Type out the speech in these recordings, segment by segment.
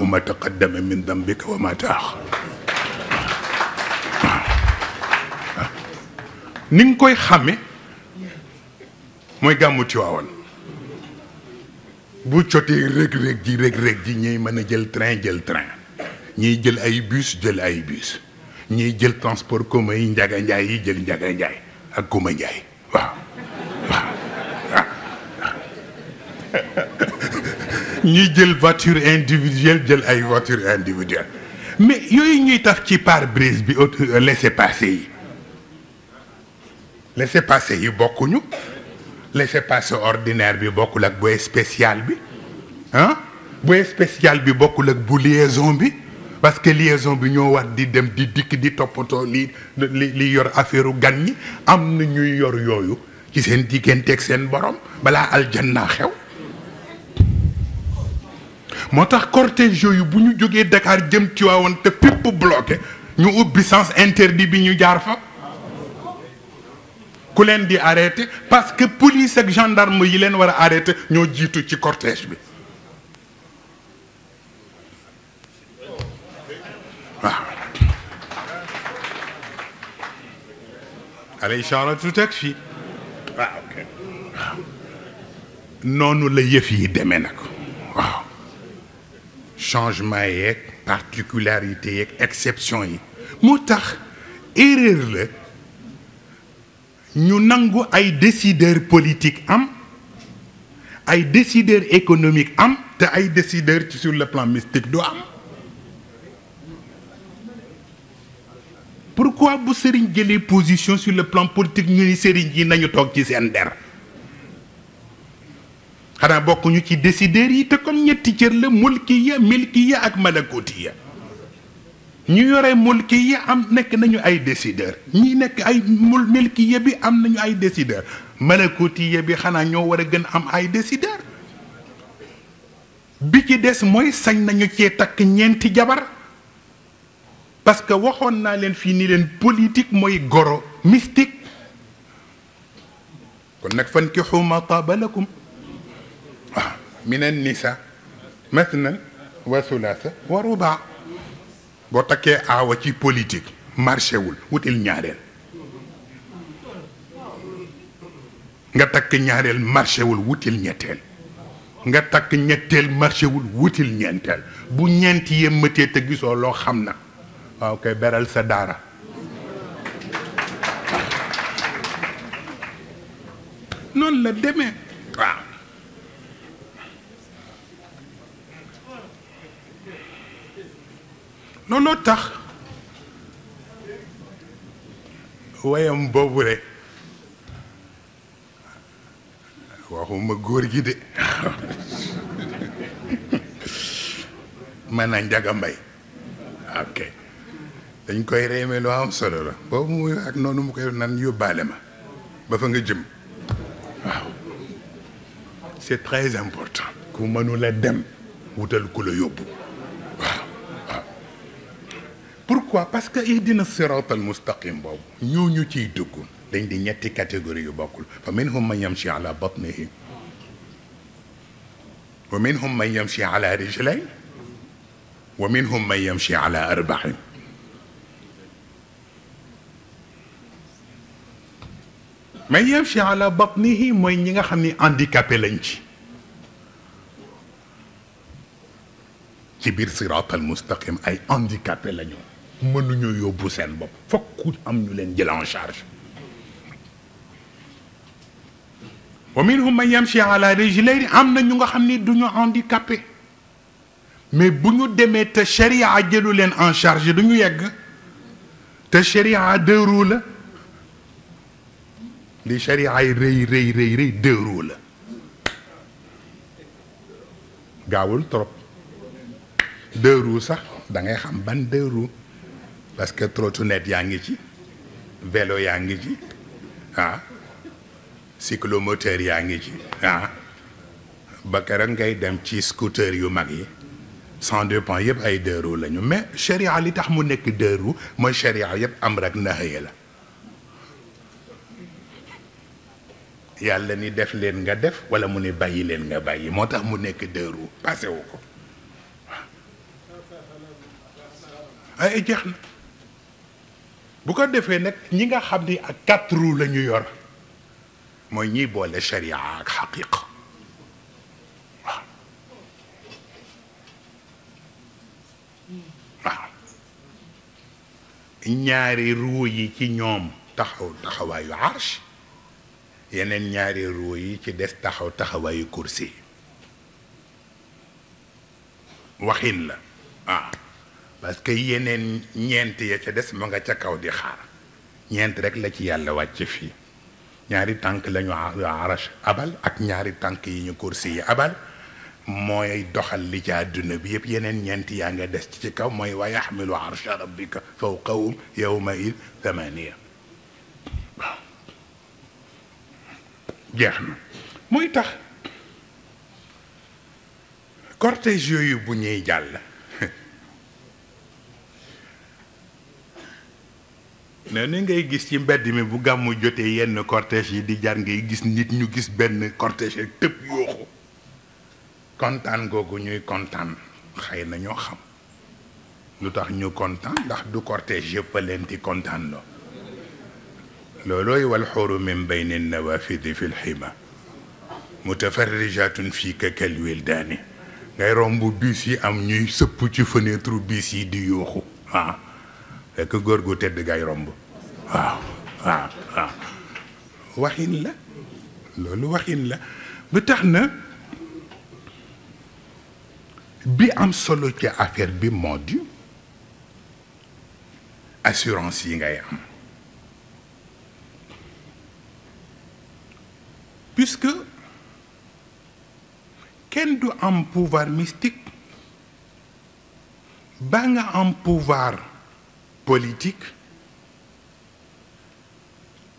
wa ma taqaddama min dambika wa ma taax ni nga koy xàmme mooy gàmmu Tiwaawan bu cotee rëg-rëg ji rëg-rëg ji ñuy mën a jël train jël train ñuy jël ay bus jël ay bus ñiy jël transport commun yi njaga njaay yi jël njaga njaay ak kuma njaay waaw ñuy jël voiture individuelle jël ay voiture individuelle mais yooyu ñuy tax ci pare-brise bi auto euh, laissez-passer yi laissez-passer yi bokkuñu laissez-passer ordinaire bi bokkul ak bu spécial bi ah bu spécial bi bokkul ak bu liaison bi parce que liaison bi ñoo wax di dem di dikk di toppatoo li li li yor affaire gan ni am na ñuy yor yooyu ci seen digganteeg seen borom balaa naa xew moo tax cortège yooyu bu ñu jógee Dakar jëm Tiwaawan te fépp bloqué ñu ubbi sens interdit bi ñu jaar fa ku leen di arrêté parce que police ak gendarme yi leen war a arrêté ñoo jiitu ci cortège bi waaw al ah, noonu la yëf yi deme nag changement yeeg particularité yeeg exception yi moo tax erreur la ñu nangu ay décideurs politiques am ay décideurs économique am te ay décideurs ci sur le plan mystique du am pourquoi bu sëriñ jëlee position sur le plan politique ñu ni sëriñ yi nañu toog ci seen der xanaa bokkuñu ci décideurs yi te kon ñetti cër la mulkiya milkiya ak malakutiya ñu yore mulkiya am nekk nañu ay décideur ñi nekk ay mul milkiya bi am nañu ay décideur malakutiya bi xanaa ñoo war a gën am ay décideur bi ci des mooy sañ nañu cee takk ñeenti jabar parce que waxoon naa leen fii ni leen politique mooy goro mystique kon nag fan ki xuma taaba min an nisa mathna wa thulatha wa rubaa boo takkee aawa ci politik marché wul wutil ñaareel nga takk ñaareel marché wul wutil ñetteel nga takk ñetteel marché wul wutil ñeenteel bu ñeent yëmmatee te gisoo loo xam na waaw ah, kay beral sa daara noonu la demee noonu tax wayam boobu rek waxuma góor gi de man naa njaga mbay ok dañ koy reeme lu am solo la boobu muy ak noonu mu koy nan yóbbaale ma ba fa jëm waaw c'est très important ku mënula dem wutal ku la yóbbu pourquoi parce que ihdina siratal mustaqim boobu ñooñu ciy dugg dañ di ñetti catégorie yu bokkul fa minhum man yamshi ala batnihi wa minhum man yamshi ala rijlayn wa minhum man yamshi ala arba'in man yamshi ala batnihi mooy ñi nga xam ni handicapé lañ ci ci biir siratal mustaqim ay handicapé lañu mënuñu yóbbu seen bopp fokk am ñu leen jël en charge wa minhum man yamshi ala rijlayni am na ñu nga xam ni du ñu handicapé mais bu ñu demee te sharia jëlu leen en charge du ñu yegg te sharia deux la li sharia yi rëy rëy rëy rëy deux la gaawul trop deux sax da ngay xam ban deux parce que trottinette yaa ngi ci vélo yaa ngi ci ah cyclomoteur yaa ngi ci ah ba ngay dem ci scooter yu mag yi sans dépend yëpp ay deux roues lañu mais charia li tax mu nekk deux roues mooy charia yëpp am rek naxëya la yàlla ni def leen nga def wala mu ne bàyyi leen nga bàyyi moo tax mu nekk deux roues wu ko ay jeex na bu ko defee nag ñi nga xam ni ak quatre roues la yor mooy ñiy boole sharia ak xaqiqa waaw ñaari roues yi ci ñoom taxaw taxawaayu arsh yeneen ñaari roues yi ci des taxaw taxawaayu kursi waxin la parce que yeneen ñeent ya ca des ma nga ca kaw di xaar ñeent rek la ci yàlla wàcc fii ñaari tànk la ñu abal ak ñaari tànk yi ñu kursi yi abal mooy doxal li ci àdduna bi yëpp yeneen ñeent yaa nga des ci kaw mooy wa yaxmilu arsha rabbika fawqahum yawma id thamaniya jeex na muy tax cortège yooyu bu ñuy jàll ne ni ngay gis ci mbedd mi bu gàmmu jotee yenn cortège yi di jar ngay gis nit ñu gis benn cortège ak tëb yooxu kontaan googu ñuy kontaan xëy na xam lu tax ñu kontaan ndax du cortège yëpp a leen di kontaan loo loolooy wal xuru min bayni nawafidi fi lxima mutafarrijatun fii ka wildaani ngay romb bis yi am ñuy sëpp ci fenêtre bis yi di yuuxu ah que góor gu tedd gaay romb waaw waaw waaw waxin la loolu waxin la ba tax na bi am solo ci affaire bi moo di assurance yi ngay am puisque kenn du am pouvoir mystique ba nga am pouvoir politik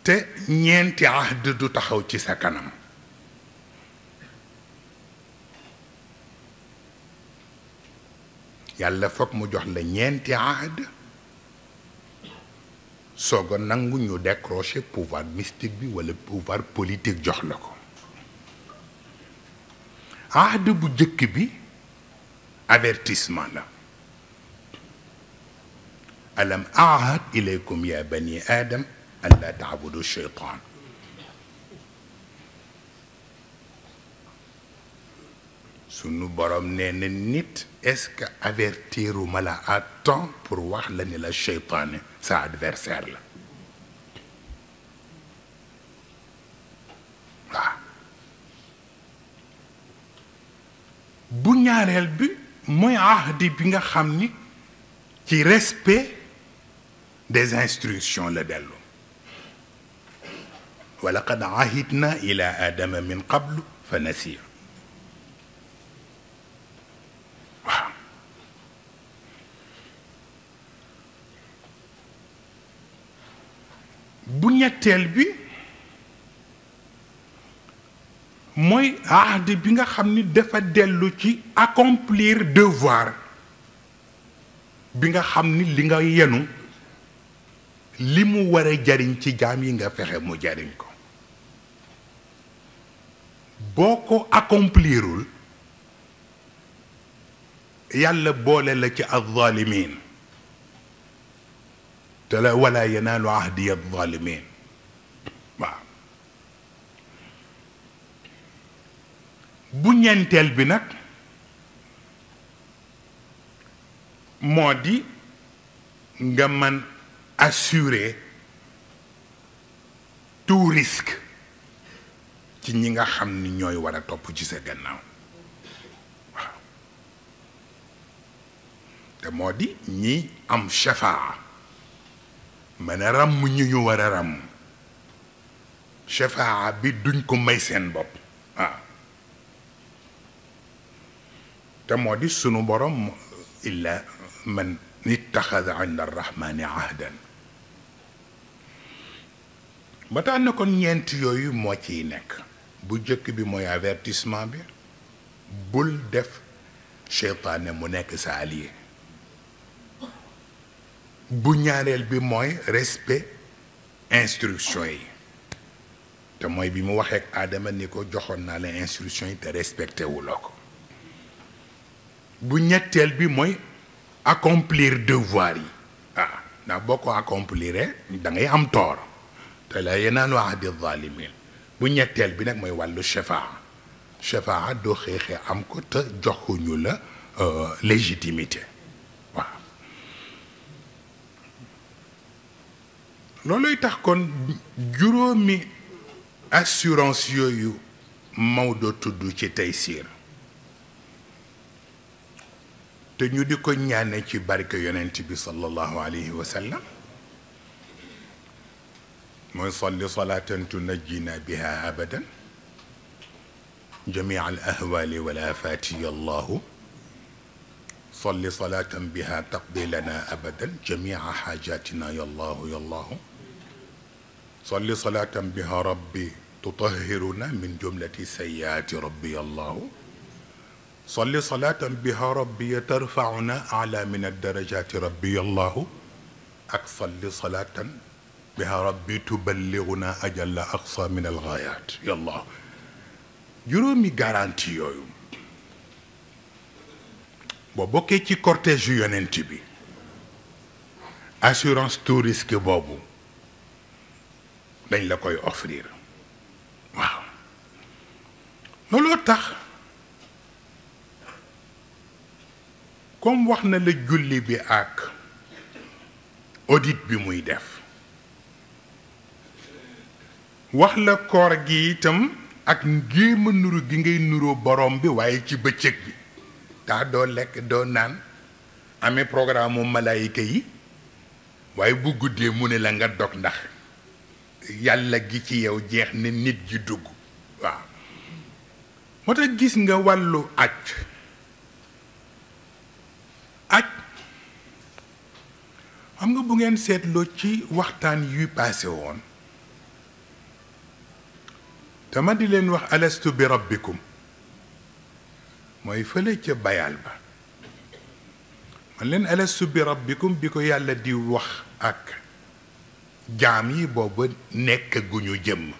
te ñeenti ahd du taxaw ci sa kanam yàlla foog mu jox la ñeenti ahd soog a nangu ñu décrocher pouvoir mystique bi walla pouvoir politique jox la ko ahd bu jëkk bi avertissement la alam ahad ilaykum ya bani adam an taabudu cheytaan sunu borom nee nit est-ce que avertiruma la à pour wax la ni la cheytaane sa adversaire la waaw bu ñaareel bi mooy ahdi bi nga xam ni ci respect des instructions la dellu wa laqad ahidna ila adama min qablu fa nasiya waaw bu ñetteel bi mooy ahd bi nga xam ni dafa dellu ci accomplir devoir bi nga xam ni li nga yenu li mu war jariñ ci jaam yi nga fexe mu jariñ ko boo ko accomplirul yàlla boole la ci alzalimin te la wala yanaalu ahdi alzalimin bu ñeenteel bi nag moo di nga man assurer tout risque ci ñi nga xam ni ñooy war a topp ci sa gannaaw waaw te moo di ñi am chafaa mën a ràmm ñu ñu war ràmm chafaa bi duñ ko may seen bopp te moo di sunu borom illa man ittaxada inda arrahmani ahdan ba tax na kon ñeent yooyu moo ciy nekk bu jëkk bi mooy avertissement bi bul def seytaane mu nekk sa allié bu ñaareel bi mooy respect instruction yi te mooy bi mu waxee ak aadama ni ko joxoon naa la instruction yi te respecté wuloo ko bu ñetteel bi mooy accomplir devoir yi ah ndax boo ko accompliree dangay am tort te laa yenaalu ahdi zaalimin bu ñetteel bi nag mooy wàllu shafaa shafaa doo xeexee am ko te joxuñu la euh, légitimité waaw looluy tax kon juróomi assurance yooyu Maodo tudd ci tey Taysiir te ñu di ko ñaane ci barke yonent bi sallallahu alayhi wa mooy salli salaatan tunajjina biha abadan jamia al ahwali wal afaati allahu salli salaatan biha taqdi lana abadan jamia xaajatina yallahu yallahu salli salaatan biha rabbi tutahiruna min jumlati sayyiaati rabbi yallahu salli salaatan biha rabbi tarfauna ala min addarajaati rabbi yallahu ak salli salaatan biha rabbi tuballiguna ajalla aqsa min alxayaat yàlla juróomi garanti yooyu boo bokkee ci cortège yu bi assurance tout risque boobu dañ la koy offrir waaw looloo tax comme wax na la julli bi ak audit bi muy def wax la koor gi itam ak ngéem a nuru gi ngay nuroo borom bi waaye ci bëccëg bi tax doo lekk doo naan amee programme mu malaayika yi waaye bu guddee mu ne la nga dog ndax yàlla gi ci yow jeex ne nit ji dugg waaw moo tax gis nga wàllu aj aj xam nga bu ngeen seetloo ci waxtaan yuy paase woon te ma di leen wax alastu bi rabbikum mooy fële ca bayal ba man leen alastu bi rabbikum bi ko yàlla di wax ak jaam yi booba nekk gu ñu jëmm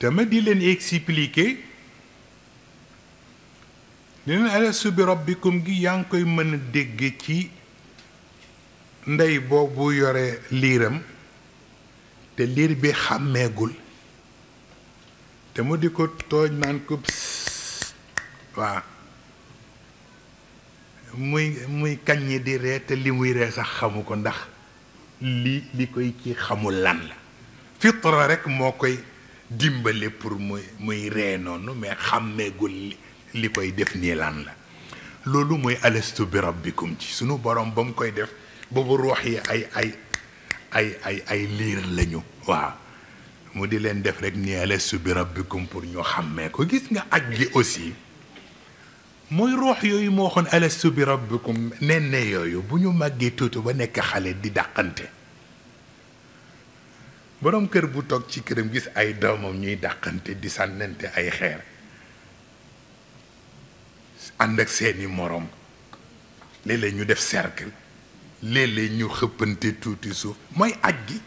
te ma di leen expliquer li leen alastu bi rabbikum gi yaa ngi koy mën a dégg ci ndey boobu yore liiram te liir bi xàmmeegul te mu di ko tooj naan ko waa muy muy kaññi di ree te li muy ree sax xamu ko ndax li li koy ci xamul lan la fitra rek moo koy dimbale pour muy muy ree noonu mais xàmmeegul li koy def nii lan la loolu mooy alestu bi rabbikum ci sunu borom ba mu koy def boobu ruux yi ay ay ay ay ay liir lañu waaw mu di leen def rek ni alastu bi rabbikum pour ñu xàmmee ko gis nga aj gi aussi mooy ruux yooyu moo waxoon alastu bi rabbikum nen yooyu bu ñu màggee tuuti ba nekk xale di dàqante boroom kër bu toog ci këram gis ay doomam ñuy dàqante di sànnante ay xeer ànd ak seeni moroom léeg-léeg ñu def cercle léeg-léeg ñu xëppante tuuti suuf mooy aj gi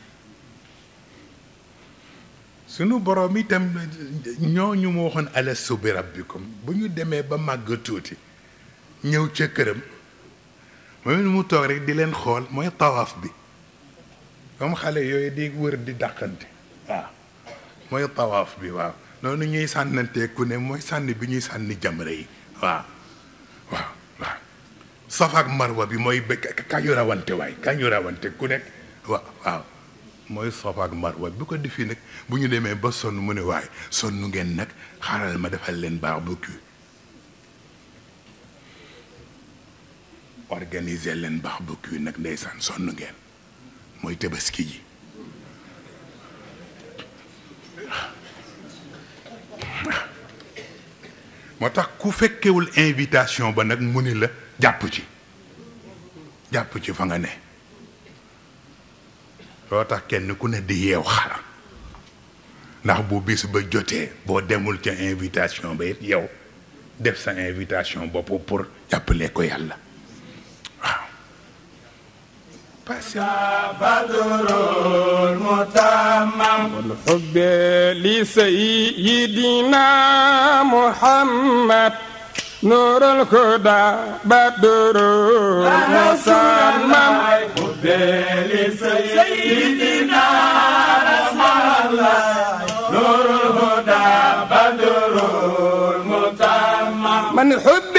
sunu borom itam ñoo ñu ma waxoon alastu bi rabbikum bu ñu demee ba màgg tuuti ñëw ca këram nu mu toog rek di leen xool mooy tawaaf bi comme xale yooyu di wër di dàqante waaw mooy tawaaf bi waaw noonu ñuy sànnantee ne mooy sànni bi ñuy sànni jamre yi waaw Safa ak Marwa bi mooy ba ka ñu rawante waay ka ku nekk waaw waaw mooy Safa ak Marwa bi bu ko defee nag bu ñu demee ba sonn mu ne waay sonn ngeen nag xaaral ma defal leen barbecue organiser leen barbecue nag ndeysaan sonn ngeen mooy tabaski ji moo tax ku fekkewul invitation ba nag mu ni la jàpp ci jàpp ci fa nga ne loo tax kenn ku ne di yeew xala ndax bu bis ba jotee boo demul ca invitation ba yow def sa invitation bopp pour jàppale ko yàlla waaw parce badrul mutammam wal hubbi li sayyidina muhammad نور الهدى بدر وسلم حب لسيدنا رسول الله نور الهدى بدر متمم من حب